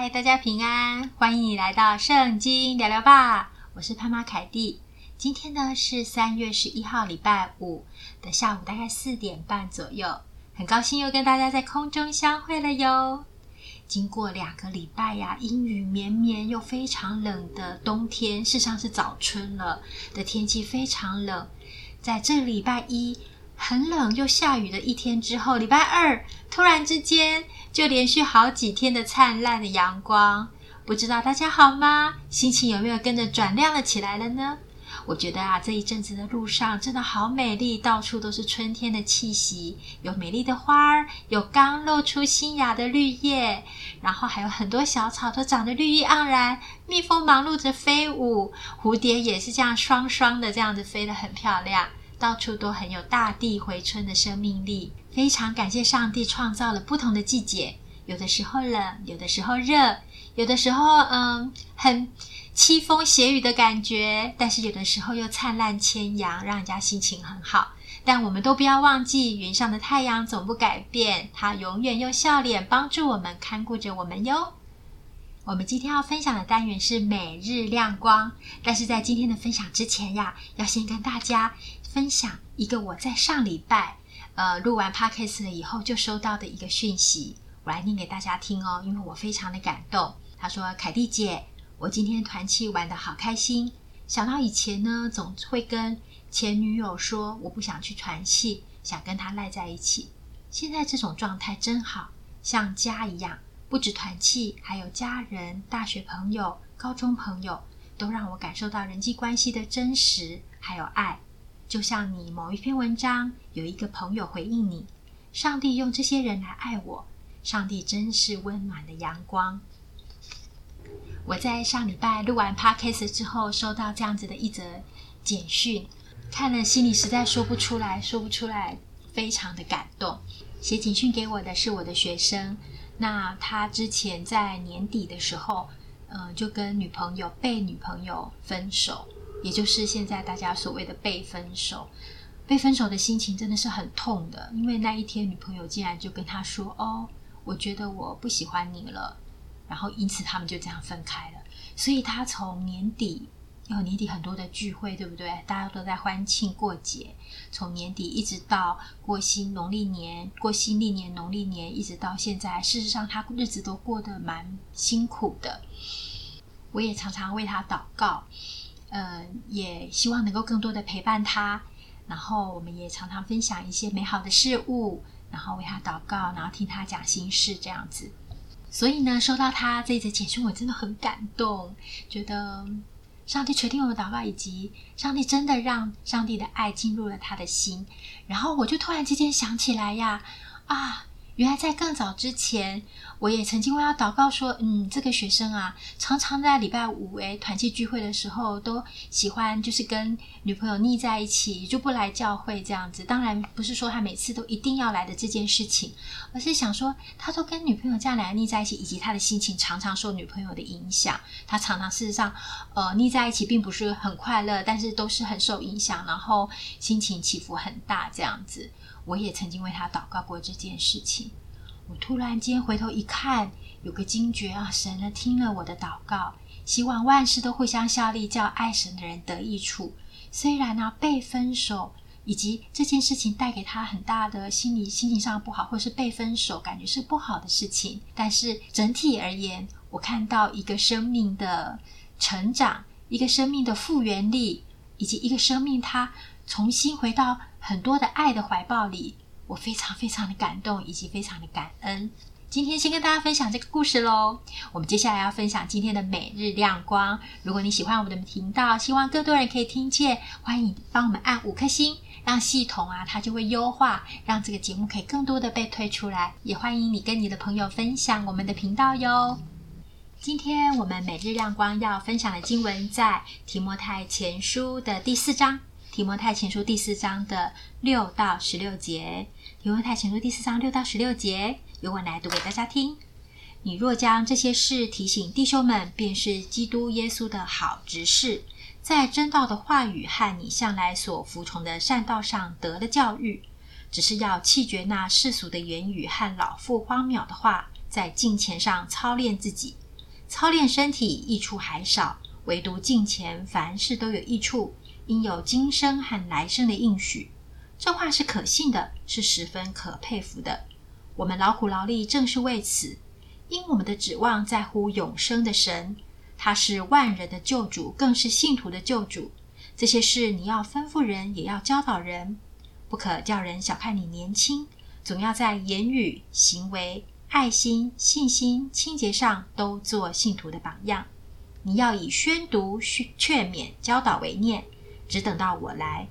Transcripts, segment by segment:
嗨，大家平安，歡迎你來到聖經聊聊吧。我是潘媽凱蒂，今天呢是三月十一號禮拜五的下午，大概四點半左右，很高興又跟大家在空中相會了喲。經過兩個禮拜呀、啊，陰雨綿綿又非常冷的冬天，事實上是早春了的天氣非常冷。在這個禮拜一，很冷又下雨的一天之後，禮拜二突然之間就連續好幾天的燦爛的陽光。不知道大家好嗎？心情有沒有跟着轉亮了起來了呢？我覺得啊，這一陣子的路上真的好美麗，到處都是春天的氣息，有美麗的花兒，有剛露出新芽的綠葉，然後還有很多小草都長得綠意盎然，蜜蜂忙碌着飛舞，蝴蝶也是這樣雙雙的這樣子飛得很漂亮。到處都很有大地回春的生命力，非常感謝上帝創造了不同的季節，有的時候冷，有的時候熱，有的時候嗯很淒風斜雨的感覺，但是有的時候又燦爛千陽，讓人家心情很好。但我們都不要忘記，雲上的太陽總不改變，它永遠用笑臉幫助我們，看顧着我們喲。我們今天要分享的單元是每日亮光，但是在今天的分享之前呀，要先跟大家，分享一個我在上禮拜，呃，錄完 Podcast 了以後就收到的一個訊息，我來念給大家聽哦，因為我非常的感動。他說：“凱蒂姐，我今天團契玩得好開心。想到以前呢，總會跟前女友說我不想去團契，想跟她賴在一起。現在這種狀態真好，像家一樣，不止團契，還有家人、大學朋友、高中朋友，都讓我感受到人際關係的真實還有愛。”就像你某一篇文章有一個朋友回應你，上帝用這些人來愛我，上帝真是溫暖的陽光。我在上禮拜錄完 Podcast 之後，收到這樣子的一則簡訊，看了心裡實在說不出來說不出來，非常的感動。寫簡訊給我的是我的學生，那他之前在年底的時候，嗯、呃，就跟女朋友，被女朋友分手。也就是現在大家所謂的被分手，被分手的心情真的是很痛的，因為那一天女朋友竟然就跟他說：“哦，我覺得我不喜歡你了。”然後因此他們就這樣分開了。所以他從年底有年底很多的聚會，對不對？大家都在歡慶過節，從年底一直到過新農曆年、過新曆年、農曆年一直到現在。事實上，他日子都過得蠻辛苦的。我也常常為他禱告。嗯、呃，也希望能夠更多的陪伴他，然後我們也常常分享一些美好的事物，然後為他禱告，然後聽他講心事這樣子。所以呢，收到他這一則簡訊，我真的很感動，覺得上帝垂聽我的禱告，以及上帝真的讓上帝的愛進入了他的心。然後我就突然之間想起來呀，啊，原來在更早之前。我也曾經為他禱告說：“嗯，這個學生啊，常常在禮拜五誒團契聚會的時候，都喜歡就是跟女朋友膩在一起，就不來教會這樣子。當然不是說他每次都一定要來的這件事情，而是想說他都跟女朋友這樣倆膩在一起，以及他的心情常常受女朋友的影響。他常常事實上，呃，膩在一起並不是很快樂，但是都是很受影響，然後心情起伏很大這樣子。我也曾經為他禱告過這件事情。”我突然間回頭一看，有個驚覺啊！神呢，聽了我的禱告，希望萬事都互相效力，叫愛神的人得益處。雖然呢、啊，被分手以及這件事情帶給他很大的心理、心情上不好，或是被分手感覺是不好的事情，但是整體而言，我看到一個生命的成長，一個生命的復原力，以及一個生命他重新回到很多的愛的懷抱裡。我非常非常的感動，以及非常的感恩。今天先跟大家分享這個故事嘍。我們接下來要分享今天的每日亮光。如果你喜歡我們的頻道，希望更多人可以聽見，歡迎幫我們按五顆星，讓系統啊它就會優化，讓這個節目可以更多的被推出來。也歡迎你跟你的朋友分享我們的頻道喲。今天我們每日亮光要分享的經文在提摩太前書的第四章。提摩太前書第四章的六到十六節，提摩太前書第四章六到十六節，由我來讀給大家聽。你若將這些事提醒弟兄們，便是基督耶穌的好執事，在真道的話語和你向來所服從的善道上得了教育，只是要棄絕那世俗的言語和老婦荒渺的話，在敬虔上操練自己，操練身體益處還少，唯獨敬虔凡事都有益處。因有今生和來生的應許，這話是可信的，是十分可佩服的。我們勞苦勞力正是為此，因我們的指望在乎永生的神，他是萬人的救主，更是信徒的救主。這些事你要吩咐人，也要教導人，不可叫人小看你年輕，總要在言語、行為、愛心、信心、清潔上都做信徒的榜樣。你要以宣讀、勸勉、教導為念。只等到我來，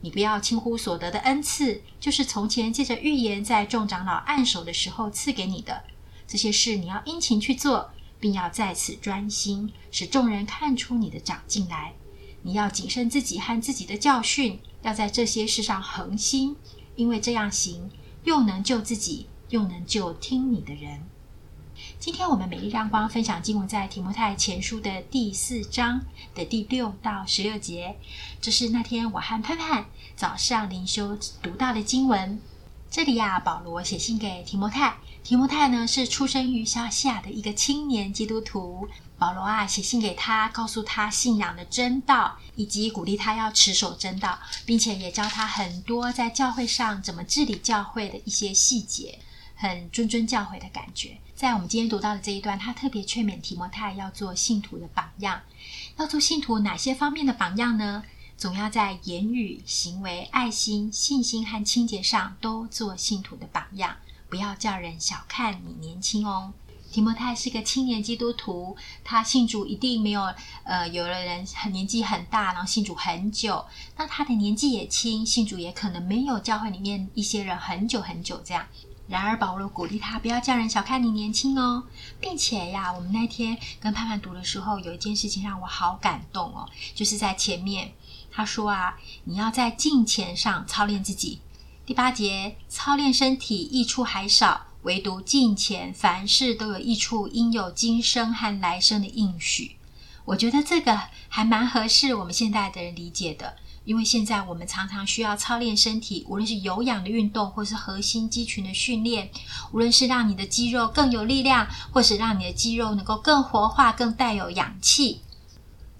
你不要輕忽所得的恩賜，就是從前借着預言在眾長老按手的時候賜給你的。這些事你要殷勤去做，並要在此專心，使眾人看出你的長進來。你要謹慎自己和自己的教訓，要在這些事上恆心，因為這樣行，又能救自己，又能救聽你的人。今天我們每日亮光分享經文，在提摩太前書的第四章的第六到十六節。這、就是那天我和盼盼早上靈修讀到的經文。這裡啊，保羅寫信給提摩太，提摩太呢是出生於小西亞的一個青年基督徒。保羅啊寫信給他，告訴他信仰的真道，以及鼓勵他要持守真道，並且也教他很多在教會上怎麼治理教會的一些細節。很諄諄教誨的感覺。在我們今天讀到的這一段，他特別勸勉提摩太要做信徒的榜樣，要做信徒哪些方面的榜樣呢？總要在言語、行為、愛心、信心和清潔上都做信徒的榜樣，不要叫人小看你年輕哦。提摩太是個青年基督徒，他信主一定沒有呃，有的人很年紀很大，然後信主很久，那他的年紀也輕，信主也可能沒有教會裡面一些人很久很久這樣。然而，保羅鼓勵他不要叫人小看你年輕哦，並且呀，我們那天跟盼盼讀的時候，有一件事情讓我好感動哦，就是在前面他說啊，你要在敬虔上操練自己。第八節，操練身體益處還少，唯獨敬虔，凡事都有益處，應有今生和來生的應許。我覺得這個還蠻合適我們現代的人理解的。因為現在我們常常需要操練身體，無論是有氧的運動，或是核心肌群的訓練，無論是讓你的肌肉更有力量，或是讓你的肌肉能夠更活化、更帶有氧氣，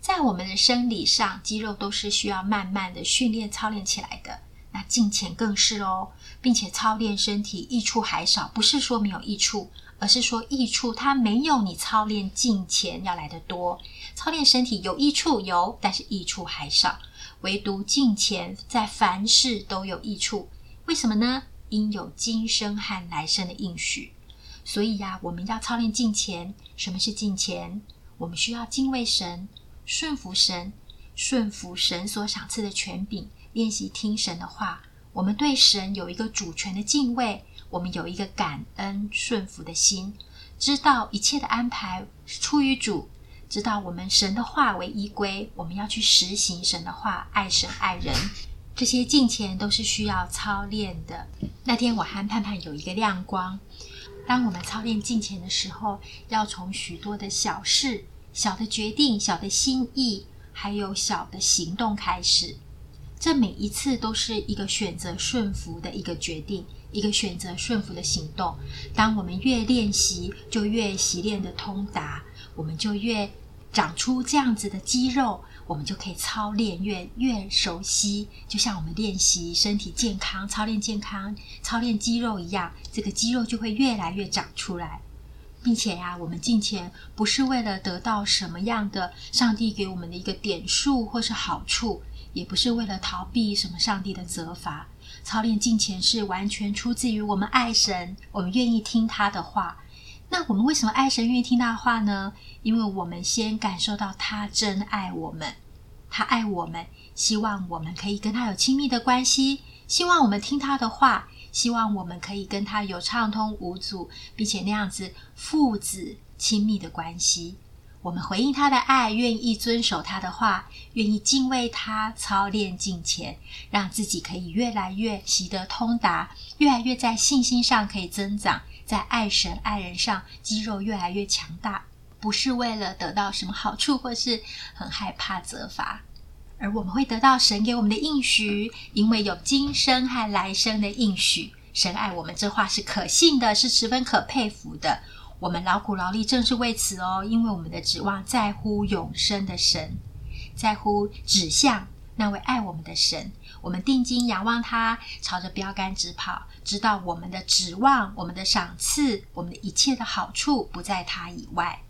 在我們的生理上，肌肉都是需要慢慢的訓練操練起來的。那敬虔更是哦，並且操練身體益處還少，不是說沒有益處，而是說益處它沒有你操練敬虔要來得多。操練身體有益處有，但是益處還少。唯獨敬虔，在凡事都有益處，為什麼呢？因有今生和來生的應許。所以呀、啊，我們要操練敬虔。什麼是敬虔？我們需要敬畏神、順服神、順服神所賞賜的權柄，練習聽神的話。我們對神有一個主權的敬畏，我們有一個感恩順服的心，知道一切的安排是出於主。知道我們神的話為依歸，我們要去實行神的話，愛神愛人，這些敬虔都是需要操練的。那天我和盼盼有一個亮光，當我們操練敬虔的時候，要從許多的小事、小的決定、小的心意，還有小的行動開始。這每一次都是一個選擇順服的一個決定，一個選擇順服的行動。當我們越練習，就越習練得通達。我們就越長出這樣子的肌肉，我們就可以操練越越熟悉，就像我們練習身體健康、操練健康、操練肌肉一樣，這個肌肉就會越來越長出來。並且呀、啊，我們敬虔不是為了得到什麼樣的上帝給我們的一個點數或是好處，也不是為了逃避什麼上帝的責罰。操練敬虔是完全出自於我們愛神，我們願意聽他的話。那我們為什麼愛神願意聽他話呢？因為我們先感受到他真愛我們，他愛我們，希望我們可以跟他有親密的關係，希望我們聽他的話，希望我們可以跟他有暢通無阻，並且那樣子父子親密的關係。我們回應他的愛，願意遵守他的話，願意敬畏他，操練敬虔，讓自己可以越來越習得通達，越來越在信心上可以增長，在愛神愛人上肌肉越來越強大。不是為了得到什麼好處，或是很害怕責罰，而我們會得到神給我們的應許，因為有今生和來生的應許。神愛我們這話是可信的，是十分可佩服的。我們勞苦勞力正是為此哦，因為我們的指望在乎永生的神，在乎指向那位愛我們的神。我們定睛仰望他，朝着標杆直跑，直到我們的指望、我們的賞賜、我們的一切的好處不在他以外。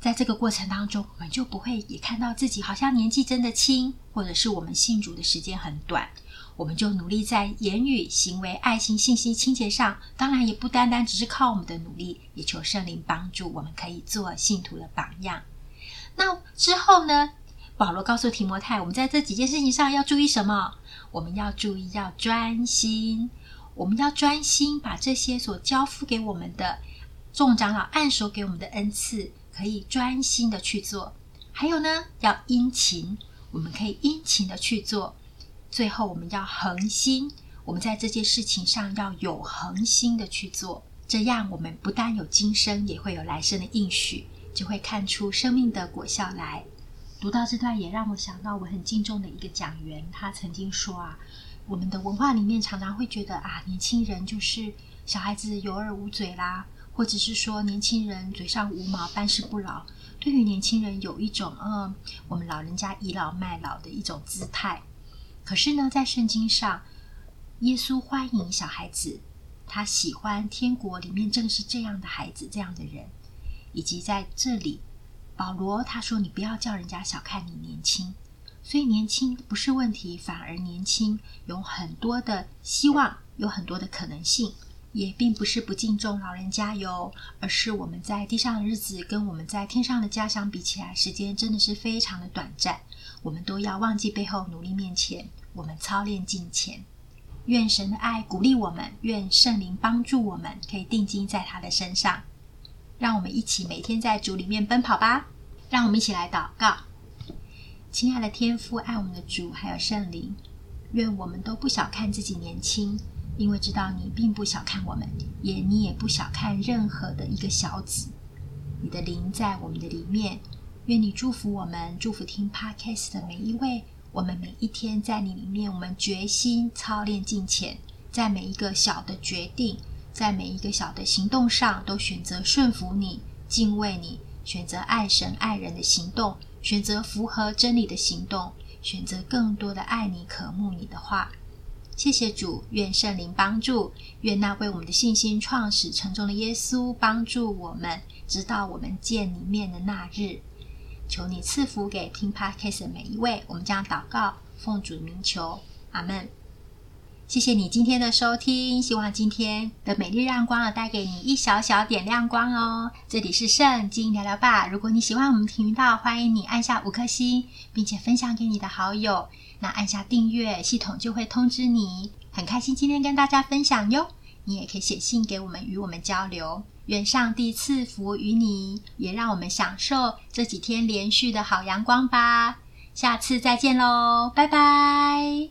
在這個過程當中，我們就不會也看到自己好像年紀真的輕，或者是我們信主的時間很短。我們就努力在言語、行為、愛心、信心、清潔上，當然也不單單只是靠我們的努力，也求聖靈幫助，我們可以做信徒的榜樣。那之後呢，保羅告訴提摩太，我們在這幾件事情上要注意什麼？我們要注意要專心，我們要專心把這些所交付給我們的眾長老按手給我們的恩賜，可以專心的去做。還有呢，要殷勤，我們可以殷勤的去做。最後，我們要恆心，我們在這件事情上要有恆心的去做，這樣我們不但有今生，也會有來生的應許，就會看出生命的果效來。讀到這段，也讓我想到我很敬重的一個講員，他曾經說啊，我們的文化裡面常常會覺得啊，年輕人就是小孩子有耳無嘴啦，或者是說年輕人嘴上無毛，辦事不牢，對於年輕人有一種嗯，我們老人家倚老賣老的一種姿態。可是呢，在聖經上，耶穌歡迎小孩子，他喜歡天國裡面正是這樣的孩子，這樣的人。以及在這裡，保羅他說：“你不要叫人家小看你年輕。”所以年輕不是問題，反而年輕有很多的希望，有很多的可能性。也並不是不敬重老人加油，而是我們在地上的日子跟我們在天上的家相比起來，時間真的是非常的短暫。我們都要忘記背後，努力面前。我們操練敬虔。願神的愛鼓勵我們，願聖靈幫助我們，可以定睛在他的身上。讓我們一起每天在主裡面奔跑吧。讓我們一起來禱告，親愛的天父，愛我們的主還有聖靈，願我們都不小看自己年輕。因為知道你並不小看我們，也你也不小看任何的一個小子。你的靈在我們的裡面，願你祝福我們，祝福聽 Podcast 的每一位。我們每一天在你裡面，我們決心操練敬虔，在每一個小的決定，在每一個小的行動上，都選擇順服你、敬畏你，選擇愛神、愛人的行動，選擇符合真理的行動，選擇更多的愛你、渴慕你的話。謝謝主，願聖靈幫助，願那為我們的信心創始成終的耶穌幫助我們，直到我們見你面的那日。求你賜福給乒乓 c a s t 的每一位，我們將禱告奉主名求，阿門。謝謝你今天的收聽，希望今天的美麗亮光啊，帶給你一小小點亮光哦。這裡是聖經聊聊吧，如果你喜歡我們的頻道，歡迎你按下五顆星，並且分享給你的好友。那按下訂閱，系統就會通知你。很開心今天跟大家分享喲，你也可以寫信給我們，與我們交流。願上帝賜福於你，也讓我們享受這幾天連續的好陽光吧。下次再見嘍，拜拜。